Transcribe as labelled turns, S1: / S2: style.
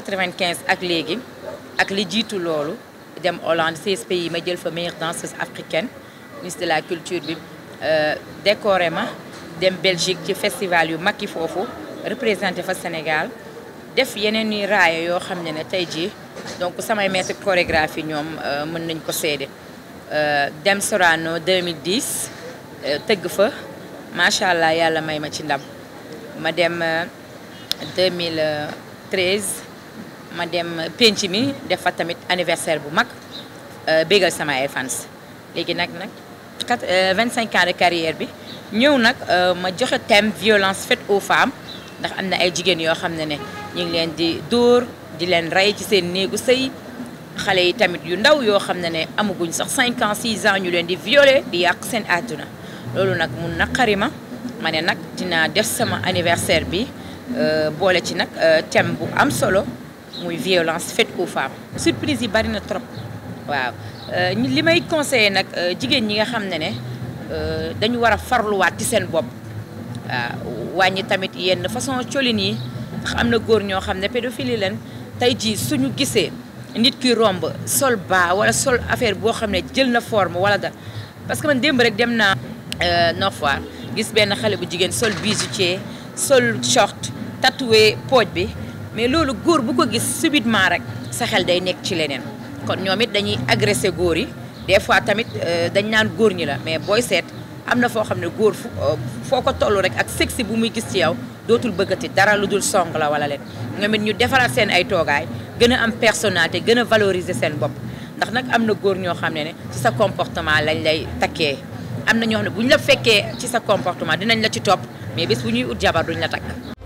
S1: 95 ak avec ak li Hollande 16 pays Mais suis meilleure danseuse africaine ministre de la culture euh, décoré Belgique le festival yu Maki représenté au Sénégal def fait des qui maître chorégraphie dem Sorano 2010 2013 ma dem penc mi def fa tamit anniversaire bu mag euh, bégal sama ay fans léegi nag nag quatre euh, vingt cinq ans de carrière bi ñëw nag euh, ma joxe thème violence faite aux femmes ndax am na ay jigéen yoo xam ne ne ñu ngi leen di dóor di leen rey ci seen néegu sëy xale yi tamit yu ndaw yoo xam ne ne amaguñ sax cinq ans six ans ñu leen di violer di yàq seen àdduna loolu nag mun naqari ma ma ne nag dinaa def sama anniversaire bi boole ci nag thème bu am solo muy violence faite aux femmes surprise yi bari na trop waaw euh, li limay conseiller nak euh, jigen ñi nga xamné né ne euh, dañu wara farlu wat ci sen bop waaw tamit yenn façon cholini yi gor ño xamné ne pédophile len tey jii suñu gissé nit ki romb sol ba wala sol affaire bo xamné ne jël na forme wala da parce que man démb rek dem euh Nord Foire gis benn bu jigen sol bijoutier sol short tatoué pooj bi mais loolu góor bu ko gis subitement rek sa xel day nekk ci leneen kon ñoom it dañuy agressé góor yi des fois tamit euh, dañ naan góor ñi la mais booy seet am na foo xam ne góor fu euh, foo ko toll rek ak sexe bu muy gis ci yow dootul bëggati dara lu dul song la wala leen ñoom ñu defaraat seen ay toogaay gën a am personnalité gën a valoriser seen bopp ndax nag am na góor ñoo xam ne ne ci sa comportement lañ lay takkee am na ñoo xam ne bu ñu la fekkee ci sa comportement dinañ la ci topp mais bis bu ñuy ut jabar la takk